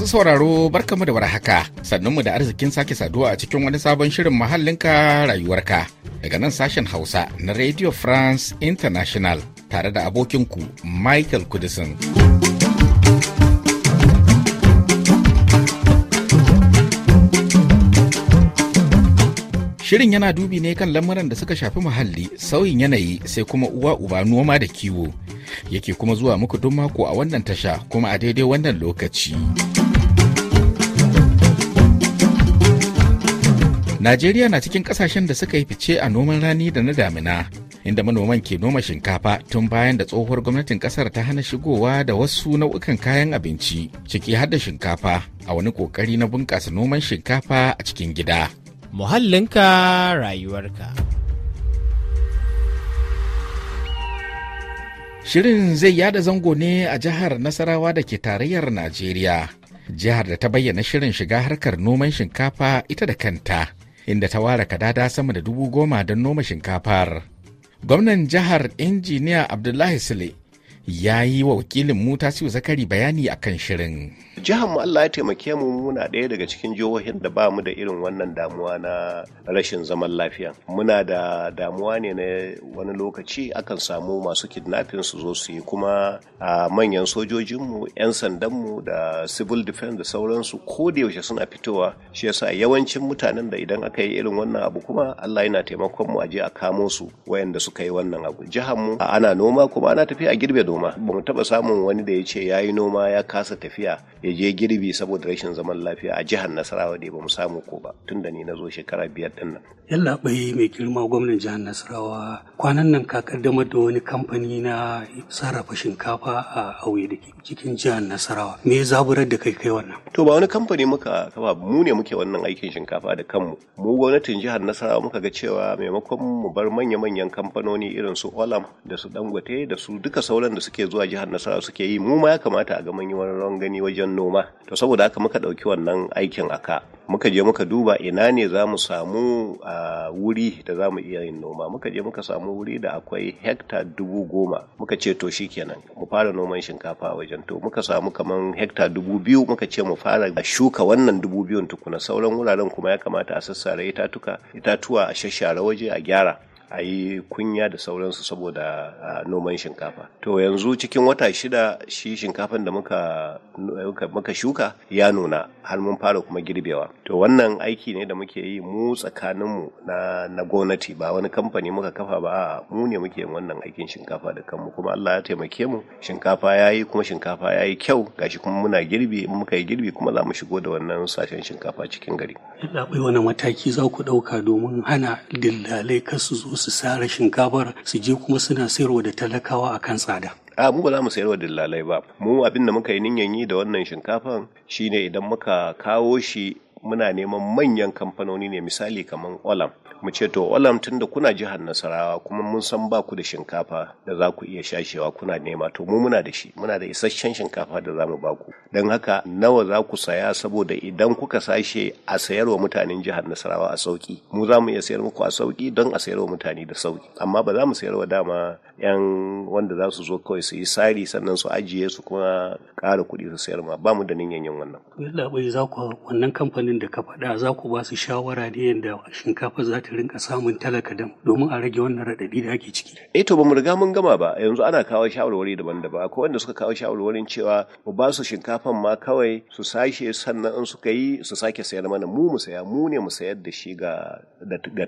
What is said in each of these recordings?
Masu sauraro barkamu da warhaka mu da arzikin sake saduwa a cikin wani sabon shirin mahallinka rayuwarka daga nan sashen Hausa na Radio France International tare da abokin ku Michael Kudisin. Shirin yana dubi ne kan lamuran da suka shafi muhalli, sauyin yanayi sai kuma uwa uba noma da kiwo. Yake kuma zuwa muku duk mako a wannan tasha kuma a daidai wannan lokaci. Najeriya na cikin kasashen da suka yi fice a noman rani da na damina, inda manoman ke noma shinkafa tun bayan da tsohuwar gwamnatin kasar ta hana shigowa da wasu nau'ukan kayan abinci, ciki har shinkafa a wani kokari na bunƙasa noman shinkafa a cikin gida. Muhallinka rayuwarka. Shirin zai yada zango ne a jihar Nasarawa da ke tarayyar Najeriya. Jihar da ta bayyana shirin shiga harkar noman shinkafa ita da kanta inda ta ware kadada sama da dubu goma don noma shinkafar gwamnan jihar injiniya abdullahi sule ya yi wa wakilin mu tasiu zakari bayani akan shirin jihar mu Allah ya taimake mu muna ɗaya daga cikin jihohin da ba mu da irin wannan damuwa na rashin zaman lafiya muna da damuwa ne na wani lokaci akan samu masu kidnapping su zo su yi kuma a manyan sojojinmu 'yan sandanmu da civil defense da sauransu ko da yaushe suna fitowa shi yasa yawancin mutanen da idan aka yi irin wannan abu kuma Allah yana taimakon mu a je a kamo su wayanda suka yi wannan abu jihar mu ana noma kuma ana tafiya a girbe noma ba mu taba samun wani da ya ce ya yi noma ya kasa tafiya ya je girbi saboda rashin zaman lafiya a jihar nasarawa da ba mu samu ko ba tun da ni na zo shekara biyar din nan yalla bai mai girma gwamnan jihar nasarawa kwanan nan ka kaddamar da wani kamfani na sarrafa shinkafa a auye da cikin jihar nasarawa me ya zaburar da kai kai wannan to ba wani kamfani muka kafa mu ne muke wannan aikin shinkafa da kanmu mu gwamnatin jihar nasarawa muka ga cewa maimakon mu bar manya-manyan kamfanoni irin su olam da su dangote da su duka sauran da da suke zuwa jihar nasara suke yi mu ma ya kamata a ga mun yi wani rawan gani wajen noma to saboda haka muka ɗauki wannan aikin aka muka je muka duba ina ne za mu samu a wuri da za mu iya yin noma muka je muka samu wuri da akwai hekta dubu goma muka ce to kenan mu fara noman shinkafa a wajen to muka samu kamar hekta dubu biyu muka ce mu fara shuka wannan dubu biyun tukuna sauran wuraren kuma ya kamata a sassare itatuka itatuwa a shashara waje a gyara a yi kunya da sauransu saboda noman shinkafa to yanzu cikin wata shida shi shinkafan da muka, shuka ya nuna har mun fara kuma girbewa to wannan aiki ne da muke yi mu tsakaninmu na, na gwamnati ba wani kamfani muka kafa ba mu ne muke yin wannan aikin shinkafa da kanmu kuma Allah ya taimake mu shinkafa ya yi kuma shinkafa ya yi kyau gashi kuma muna girbi in muka yi girbi kuma za mu shigo da wannan sashen shinkafa cikin gari. Yadda akwai wani mataki za ku ɗauka domin hana dillalai kasu zo su sare shinkafar su je kuma suna sayarwa da talakawa a kan tsada a mu ba za mu sayarwa dillalai ba mu abin da muka yi niyan yi da wannan shinkafan shine idan muka kawo shi muna neman manyan kamfanoni ne misali kamar olam mu ce to walam tun da kuna jihar nasarawa kuma mun san ba ku da shinkafa da za ku iya shashewa kuna nema to mu muna da shi muna da isasshen shinkafa da za mu ba ku don haka nawa za ku saya saboda idan kuka sashe a sayarwa mutanen jihar nasarawa a sauki mu za mu iya sayar muku a sauki don a sayarwa mutane da sauki amma ba za mu sayarwa dama yan wanda za su zo kawai su yi sari sannan su ajiye su kuma ƙara kuɗi su sayar ma ba mu da niyan yin wannan. Yalla za wannan kamfanin da ka faɗa za ku ba su shawara ne yadda shinkafa za ta ta rinka samun talaka dam domin a rage wannan raɗaɗi da ake ciki. Eh to ba mu riga mun gama ba yanzu ana kawo shawarwari daban-daban akwai wanda suka kawo shawarwarin cewa mu ba su shinkafan ma kawai su sashe sannan in suka yi su sake sayar mana mu mu saya mu ne mu sayar da shi ga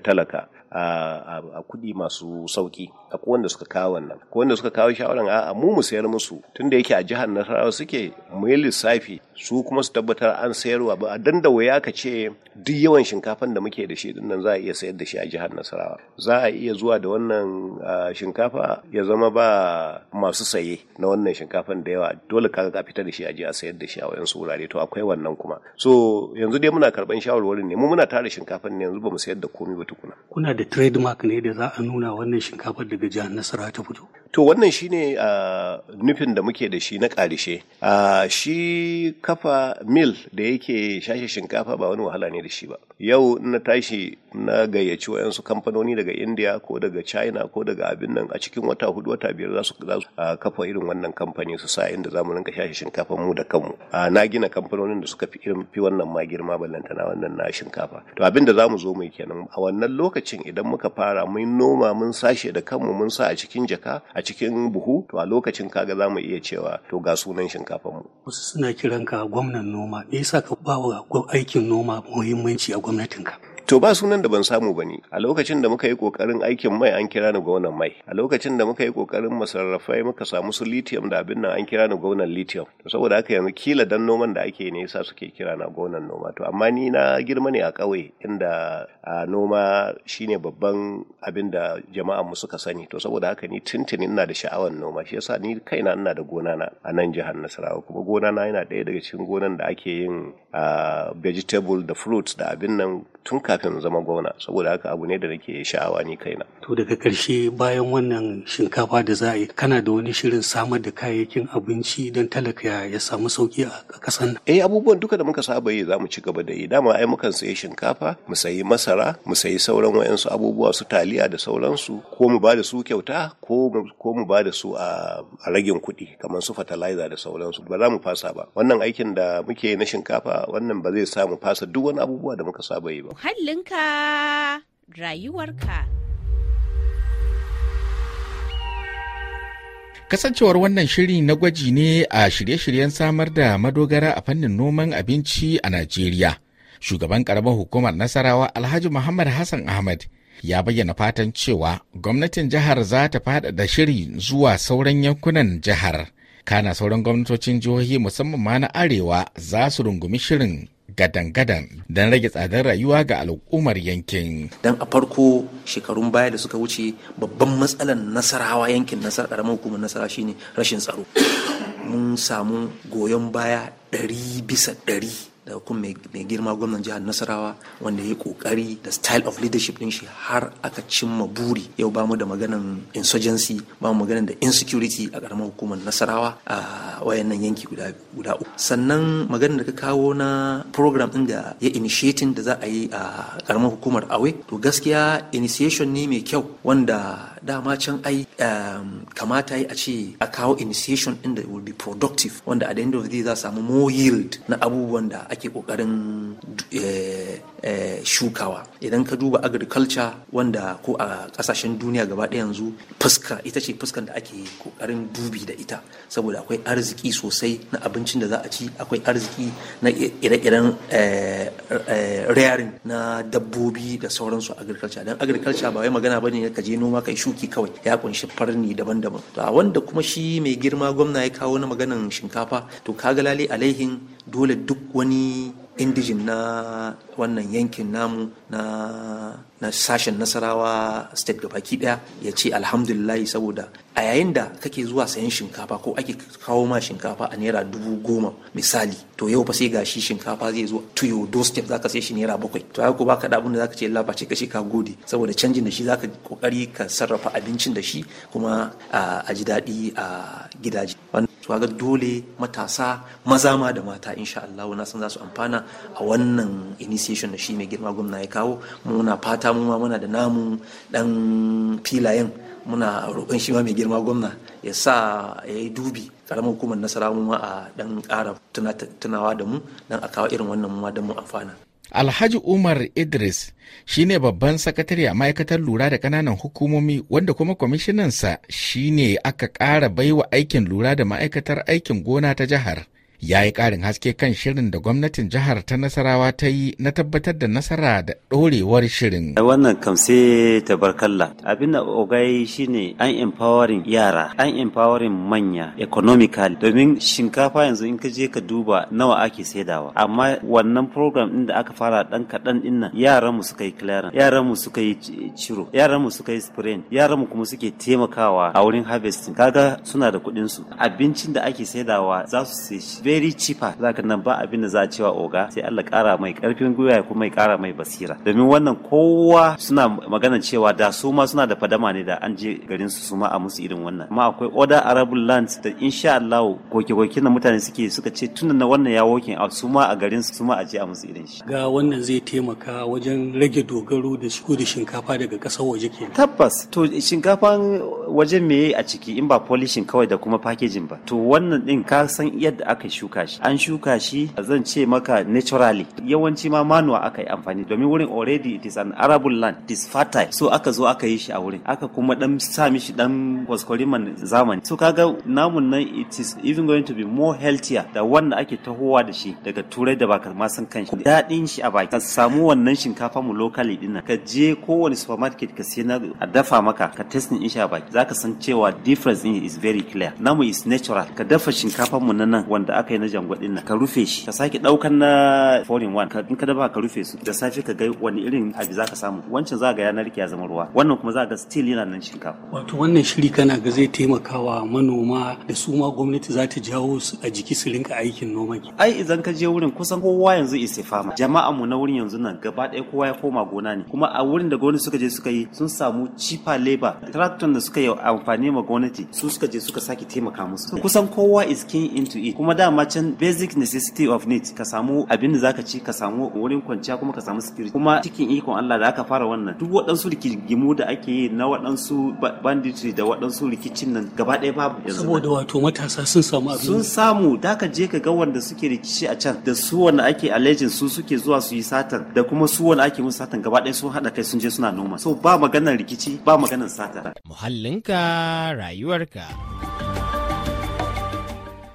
talaka a kuɗi masu sauƙi a wanda suka kawo wannan ko wanda suka kawo shawaran a mu mu sayar musu tunda yake a jihar Nasarawa suke mu yi lissafi su kuma su tabbatar an sayarwa ba a waya ka ce duk yawan shinkafan da muke da shi din nan za a iya sayar da shi a jihar Nasarawa za a iya zuwa da wannan shinkafa ya zama ba masu saye na wannan shinkafan da yawa dole kaga ka fitar da shi a je a sayar da shi a wayansu wurare to akwai wannan kuma so yanzu dai muna karban shawarwarin ne mu muna tara shinkafan ne yanzu ba mu sayar da komai ba tukuna da trademark ne da za a nuna wannan shinkafar daga jihar nasara ta fito to wannan shi ne ah, nufin da muke da shi na ƙarishe ah, shi kafa mil da yake shashe shinkafa ba wani wahala ne da shi ba yau na tashi na gayyaci wayansu kamfanoni daga india ko daga china ko daga abin nan a cikin wata hudu wata biyar za su ah, kafa irin wannan kamfani su sa inda za mu rinka shashe shinkafa mu da kanmu na gina kamfanonin da suka fi wannan ma girma ballantana wannan na shinkafa to abin da za mu zo mu kenan a wannan lokacin idan muka fara mun noma mun sashe da kanmu mun sa a cikin jaka a cikin buhu to a lokacin kaga za mu iya cewa to ga sunan shinkafan mu wasu suna kiranka gwamnan noma me yasa ka ba wa aikin noma muhimmanci a gwamnatinka To ba sunan da ban samu ba ne, a lokacin da muka yi kokarin aikin mai an kira ni gwamnan mai, a lokacin da muka yi kokarin masarrafai muka samu su lithium da abin nan an kira ni gwamnan lithium. To saboda haka yanzu kila dan noman da ake ne yasa suke kira na gwamnan noma. To amma ni na girma ne a ƙauye inda a noma shine babban abin da jama'an mu suka sani. To saboda haka ni tuntuni ina da sha'awar noma, shi yasa ni kaina ina da gona na a nan jihar Nasarawa kuma gona na yana ɗaya daga cikin gonan da ake yin a vegetable da fruits da abin nan tun kafin zama gwamna saboda haka abu ne da nake sha'awa ni kaina. To daga karshe bayan wannan shinkafa da za a yi kana da wani shirin samar da kayayyakin abinci don talaka ya samu sauki a kasan nan. Eh abubuwan duka da muka saba yi za mu ci gaba da yi dama ai mukan sayi shinkafa mu sayi masara mu sayi sauran wayansu abubuwa su taliya da sauransu ko mu ba da su kyauta ko ko mu ba da su a ragin kuɗi kamar su fertilizer da sauransu ba za mu fasa ba wannan aikin da muke na shinkafa wannan ba zai samu fasa duk wani abubuwa da muka saba yi ba. Muhallinka rayuwarka. Kasancewar wannan shiri na gwaji ne a shirye-shiryen samar da madogara a fannin noman abinci a Najeriya. Shugaban karamar hukumar Nasarawa Alhaji Muhammad Hassan Ahmad ya bayyana fatan cewa gwamnatin jihar za ta faɗaɗa shiri zuwa sauran yankunan jihar. kana sauran gwamnatocin jihohi musamman ma na arewa za su rungumi shirin gadan-gadan don rage tsadar rayuwa ga al'ummar yankin. Don a farko shekarun baya da suka wuce babban matsalar nasarawa yankin nasarar ƙaramin hukumar nasara shine rashin tsaro. Mun samu goyon baya ɗari bisa ɗari da kuma mai girma gwamnan jihar nasarawa wanda ya kokari da style of leadership din shi har aka cimma buri yau ba mu da maganan insurgency ba mu maganan da insecurity a karamar hukumar nasarawa a ah, wayannan yanki guda guda uku sannan maganar da ka kawo na program din da ya initiating da za a yi a karamar hukumar awe to gaskiya initiation ne mai kyau wanda dama can ai ehm, kamata yi a ce a kawo initiation din da will be productive wanda at the end of za samu more yield na abubuwan da ake kokarin eh, eh, shukawa idan ka duba agriculture wanda ko a kasashen duniya gaba ɗaya yanzu fuska ita ce fuskan da ake kokarin dubi da ita saboda akwai arziki arziki sosai na abincin da za a ci akwai arziki na ire-iren eh, eh, rearing na dabbobi da sauransu a agriculture don agriculture ba wai magana ba ne ka je noma kai shuki kawai ya kunshi farni daban-daban to a wanda kuma shi mai girma gwamna ya kawo na maganan shinkafa to kaga lale alaihin dole duk wani indijin na wannan yankin namu na na sashen nasarawa state baki daya ya ce alhamdulillahi saboda a yayin da kake zuwa sayan shinkafa ko ake kawo ma shinkafa a naira dubu goma misali to yau fa sai ga shi shinkafa zai zo to do step zaka sai shi naira bakwai to haka baka da abin da zaka ce Allah ba ce kashi ka gode saboda canjin da shi zaka kokari ka sarrafa abincin da shi kuma a ji daɗi a gidaje to ga dole matasa maza ma da mata insha Allah na san za su amfana a wannan initiation da shi mai girma gwamna ya kawo muna fata mu ma muna da namu dan filayen muna roƙon shi ma mai girma gwamna ya sa ya yi dubi karamar hukumar nasara mu ma a dan ƙara tunawa da mu dan a kawo irin wannan ma don mu amfana. Alhaji Umar Idris shine babban sakatare a ma'aikatar lura da kananan hukumomi wanda kuma kwamishinansa shine aka ƙara baiwa aikin lura da ma'aikatar aikin gona ta jihar. ya yi ƙarin haske kan shirin da gwamnatin jihar ta nasarawa ta yi na tabbatar da nasara da ɗorewar shirin. wannan kamse tabarkalla abin da ogai shine an empowering yara an empowering manya economically domin shinkafa yanzu in ka je ka duba nawa ake saidawa amma wannan program din da aka fara dan kaɗan din nan yaran mu suka yi yaran mu suka yi ciro yaran mu suka yi sprain yaran mu kuma suke taimakawa a wurin harvesting kaga suna da kuɗin su abincin da ake saidawa za su sai shi very cheaper zaka nan ba abin da za a cewa oga sai Allah kara mai karfin gwiwa ya kuma ya kara mai basira domin wannan kowa suna magana cewa da su ma suna da fadama ne da an je garin su su ma a musu irin wannan amma akwai order arab land da insha Allah goke goke na mutane suke suka ce tun na wannan ya working out su ma a garin su su ma a je a musu irin shi ga wannan zai taimaka wajen rage dogaro da shigo da shinkafa daga kasar waje ke tabbas to shinkafan waje me a ciki in ba polishing kawai da kuma packaging ba to wannan din ka san yadda aka shi shuka shi an shuka shi zan ce maka naturally yawanci ma manuwa aka yi amfani domin wurin already it is an arable land it is fertile so aka zo aka yi shi a wurin aka kuma dan sa mishi dan kwaskwariman zamani so kaga namun nan it is even going to be more healthier da wanda ake tahowa da shi daga turai da bakar ma san kanshi daɗin shi a baki ka samu wannan shinkafa mu locally dinnan ka je kowane supermarket ka sai na a dafa maka ka testing din shi a baki zaka san cewa difference in is very clear namu is natural ka dafa shinkafa mu na nan wanda aka yi na jangwadin nan ka rufe shi ka sake daukan na foreign one in ka ba ka rufe su da safe ka ga wani irin abu zaka samu wancan za ga yanar ya zama ruwa wannan kuma za ga still yana nan shinkafa wato wannan shiri kana ga zai taimakawa manoma da su ma gwamnati za ta jawo su a jiki su rinka aikin noma ai idan ka je wurin kusan kowa yanzu isa fama jama'a mu na wurin yanzu nan gaba ɗaya kowa ya koma gona ne kuma a wurin da gwamnati suka je suka yi sun samu cheaper labor tractor da suka yi amfani ma gwamnati su suka je suka sake taimaka musu kusan kowa is keen into it kuma da dama basic necessity of need ka samu abin da zaka ci ka samu wurin kwanciya kuma ka samu security kuma cikin ikon Allah da aka fara wannan duk waɗansu rikigimu da ake yi na waɗansu banditry da waɗansu rikicin nan gaba ɗaya babu yanzu saboda wato matasa sun samu abin sun samu da ka je ka ga wanda suke rikici a can da su wanda ake alleging su suke zuwa su yi satan da kuma su wanda ake musu satan gaba ɗaya sun haɗa kai sun je suna noma so ba maganar rikici ba maganar satan muhallinka rayuwarka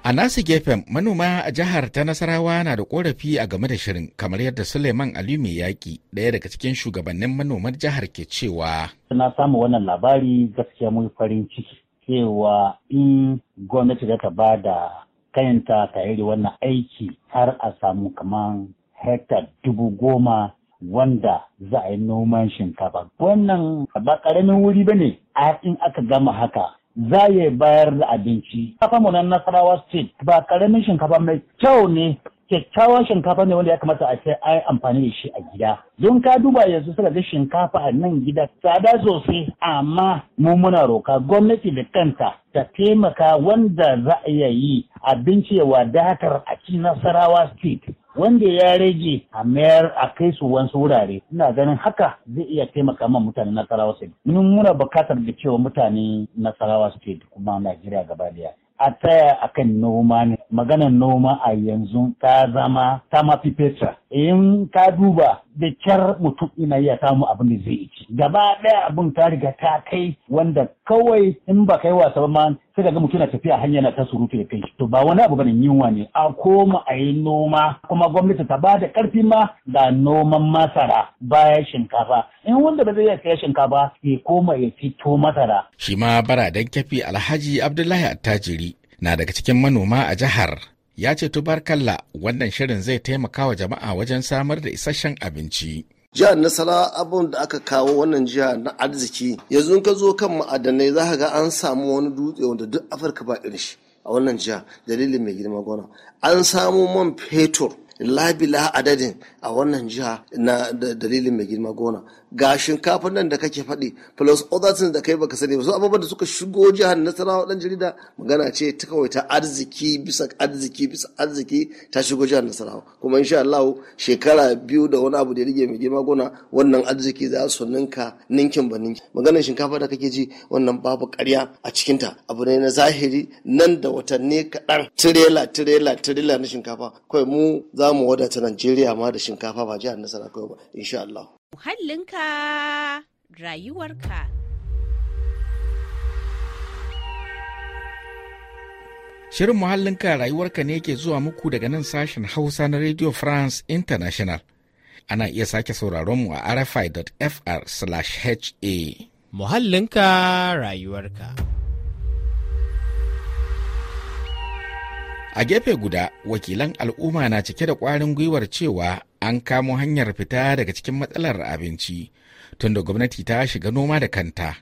A nasu gefen manoma a jihar ta Nasarawa na da korafi a game da shirin kamar yadda Suleiman Aliyu mai yaƙi ɗaya daga cikin shugabannin manoman jihar ke cewa. Na samu wannan labari gaskiya mun farin ciki cewa in gwamnati zata ta ba da kayanta ta yi wannan aiki har a samu kamar hekta dubu goma wanda za a yi noman shinkafa. Wannan ba ƙaramin wuri ba ne, a in aka gama haka za ya bayar da abinci. Kafa mu na Nasarawa State ba ƙaramin shinkafa mai kyau ne kyakkyawan shinkafa ne wanda ya kamata a ce ai amfani da shi a gida. Don ka duba yanzu suka ga shinkafa a nan gida tsada sosai amma mu muna roka gwamnati da kanta ta taimaka wanda za a iya yi abinci ya wadatar a cikin Nasarawa State. wanda ya rage a mayar a kai su wasu wurare ina ganin haka zai iya taimaka ma mutane nasarawa state mun muna bukatar da cewa mutane nasarawa state kuma najeriya gaba daya a taya a kan noma ne maganar noma a yanzu ta zama ta mafi fetra in ka duba da kyar mutum ina iya samu abin da zai ci gaba ɗaya abin ta riga ta kai wanda kawai in ba kai wasa ba ma sai daga ga mutum na tafiya hanya na ta surutu ya kai to ba wani abu bane yunwa ne a koma a yi noma kuma gwamnati ta ba da ƙarfi ma ga noman masara bayan shinkafa in wanda ba zai iya saya shinkafa ya koma ya fito masara Shima ma dan kyafi alhaji abdullahi attajiri na daga cikin manoma a jihar ya ce tubarkalla wannan shirin zai taimaka wa jama'a wajen samar da isasshen abinci. jihar nasara abin da aka kawo wannan jiha na arziki yanzu ka zo kan ma'adanai za ka ga an samu wani dutse wanda duk afirka ba irin shi a wannan jiha dalilin mai girma gona an samu man fetur labila adadin a wannan jiha na dalilin mai girma gona ga shinkafin nan da kake faɗi plus other things da kai baka sani ba su abubuwan da suka shigo jihar nasarawa dan jarida magana ce ta kawai ta arziki bisa arziki bisa arziki ta shigo jihar nasarawa kuma insha Allah shekara biyu da wani abu da ya rige mai girma gona wannan arziki za su ninka ninkin ba ninki maganar shinkafa da kake ji wannan babu ƙarya a cikinta abu ne na zahiri nan da watanni kaɗan tirela tirela tirela na shinkafa kawai mu za za mu wadata Najeriya ma da shinkafa ba jihar Nasara kawai ba insha Allah. Muhallinka rayuwarka. Shirin muhallinka rayuwarka ne ke zuwa muku daga nan sashen Hausa na Radio France International. Ana iya sake sauraron mu a rfi.fr/ha. Muhallinka rayuwarka. a gefe guda wakilan al'umma na cike da ƙwarin gwiwar cewa an kamo hanyar fita daga cikin matsalar abinci tunda gwamnati ta shiga noma da kanta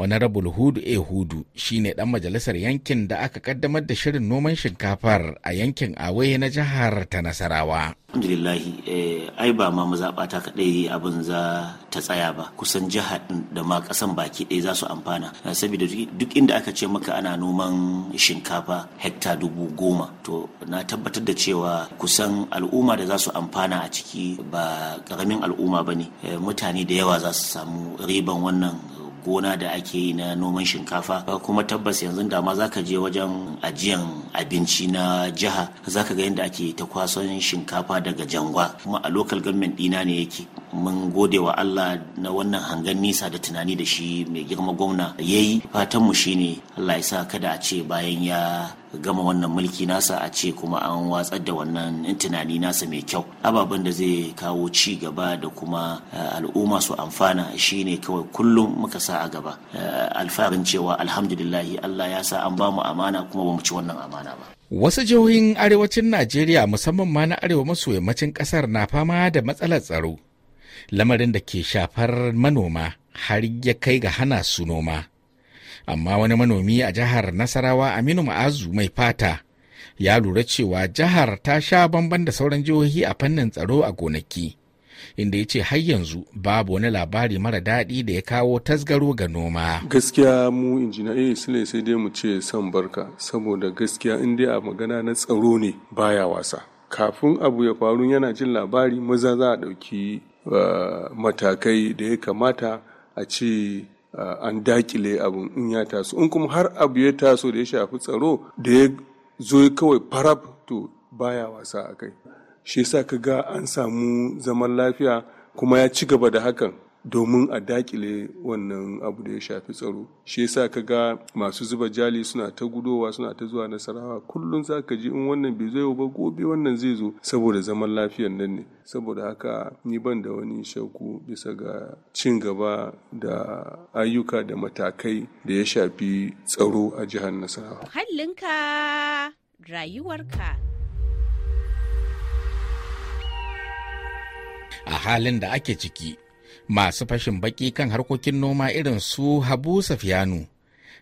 Honorable Hudu ehudu Hudu shine dan majalisar yankin da aka kaddamar da shirin noman shinkafar a yankin Awaye na jihar ta Nasarawa. alhamdulillahi eh, ai ba ma mazaɓata ta kaɗai abin za ta tsaya ba kusan jiha da ma ƙasan baki ɗaya za su amfana eh, saboda duk inda aka ce maka ana noman shinkafa hekta dubu goma to na tabbatar da cewa kusan al'umma da za su amfana a ciki ba ƙaramin al'umma ba ne eh, mutane da yawa za su samu riban wannan gona da ake yi na noman shinkafa kuma tabbas yanzu da ma zaka je wajen ajiyan abinci na jiha zaka ga yadda ake ta kwason shinkafa daga jangwa kuma a local government dina ne yake mun gode wa Allah na wannan hangen nisa da tunani da shi mai girma gwamna ya yi fatanmu shine Allah ya sa kada a ce bayan ya gama wannan mulki nasa a ce kuma an watsar da wannan tunani nasa mai kyau ababen da zai kawo ci gaba da kuma al'umma su amfana shi ne kawai kullum muka sa a gaba alfarin cewa alhamdulillahi Allah ya sa an bamu amana kuma ba mu ci wannan amana ba Wasu jihohin arewacin Najeriya musamman ma na arewa maso yammacin ƙasar na fama da matsalar tsaro lamarin da ke shafar manoma har ya kai ga hana su noma. Amma wani manomi a jihar Nasarawa Aminu Ma'azu mai fata ya lura cewa jihar ta sha bamban da sauran jihohi a fannin tsaro a gonaki, inda ya ce har yanzu babu wani labari mara daɗi da ya kawo tasgaro ga noma. Gaskiya mu injina eh sule sai dai mu ce san barka saboda gaskiya in dai a magana na tsaro ne baya wasa. Kafin abu ya faru yana jin labari maza za a ɗauki matakai da ya kamata a ce an dakile abun in ya taso in kuma har abu ya taso da ya shafi tsaro da ya zo kawai farab to baya wasa a kai shi yasa ka ga an samu zaman lafiya kuma ya ci gaba da hakan domin a dakile wannan abu da ya shafi tsaro shi yasa ka ga masu zuba jali suna ta gudowa suna ta zuwa nasarawa kullum za ka ji in wannan bai zo ba gobe wannan zai zo saboda zaman lafiyan nan ne saboda haka ni ban da wani shaku bisa ga cin gaba da ayyuka da matakai da ya shafi tsaro a jihar nasarawa hallinka rayuwarka a halin da ake ciki masu fashin baki kan harkokin noma irin su habu safiyanu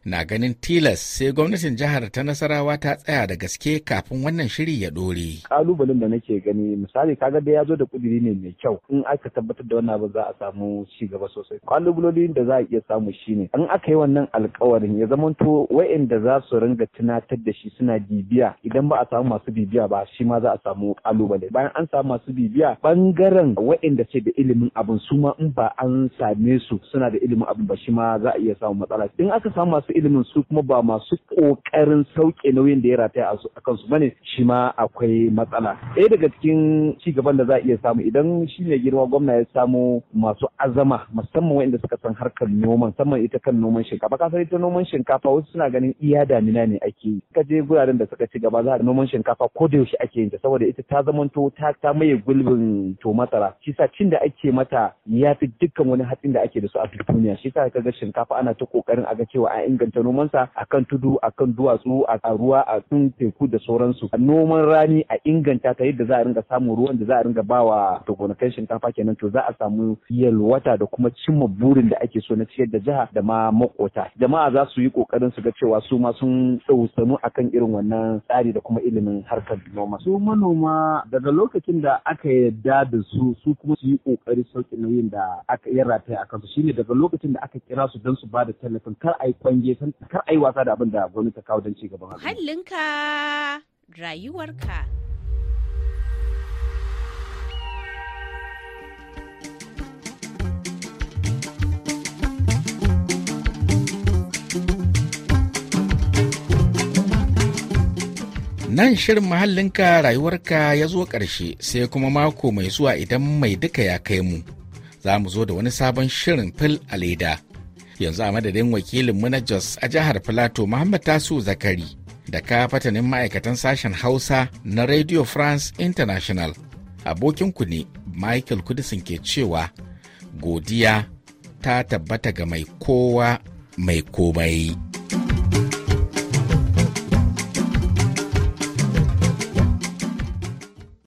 na ganin tilas sai gwamnatin jihar ta nasarawa ta tsaya da gaske kafin wannan shiri ya dore. Kalubalen da nake gani misali kaga da ya zo da kudiri ne mai kyau in aka tabbatar da wannan abu za a samu ci gaba sosai. kalubalen da za a iya samu shine An aka yi wannan alkawarin ya zamanto wa'inda za su ringa tunatar da shi suna bibiya idan ba a samu masu bibiya ba shi ma za a samu kalubale. Bayan an samu masu bibiya bangaren wa'inda ce da ilimin abin su ma in ba an same su suna da ilimin abin ba shi ma za a iya samu matsala. In aka samu masu masu ilimin su kuma ba masu ƙoƙarin sauke nauyin da ya rataya a kansu bane shi ma akwai matsala ɗaya daga cikin ci gaban da za a iya samu idan shi ne girma gwamna ya samu masu azama musamman waɗanda suka san harkar noma, musamman ita kan noman shinkafa ka san ita noman shinkafa wasu suna ganin iya damina ne ake yi ka je guraren da suka ci gaba za a noman shinkafa ko da yaushe ake yin ta saboda ita ta zamanto ta ta maye gulbin to masara shi sa cin da ake mata ya fi dukkan wani hatsin da ake da su a duniya shi sa ka ga shinkafa ana ta kokarin a ga cewa an inganta nomansa kan tudu a kan duwatsu a ruwa a sun teku da sauransu a noman rani a inganta ta yadda za a ringa samun ruwan da za a ringa bawa da gonakan shinkafa kenan to za a samu yalwata da kuma cimma burin da ake so na ciyar da jiha da ma makota jama'a za su yi kokarin su ga cewa su ma sun a kan irin wannan tsari da kuma ilimin harkar noma su manoma daga lokacin da aka yarda da su su kuma su yi kokari na nauyin da aka yi rataya a su shine daga lokacin da aka kira su don su ba da tallafin kar a yi ya san kar ai wasa da abin da gwamnati ta kawo don ci gaban hallinka rayuwarka Nan shirin muhallinka rayuwarka ya zo ƙarshe sai kuma mako mai zuwa idan mai duka ya kai mu. Za mu zo da wani sabon shirin fil a leda. yanzu a madadin wakilin na jos a jihar filato muhammad tasu zakari da ka fatanin ma'aikatan sashen hausa na radio france international abokinku ne michael kudisin ke cewa godiya ta tabbata ga mai kowa mai komai.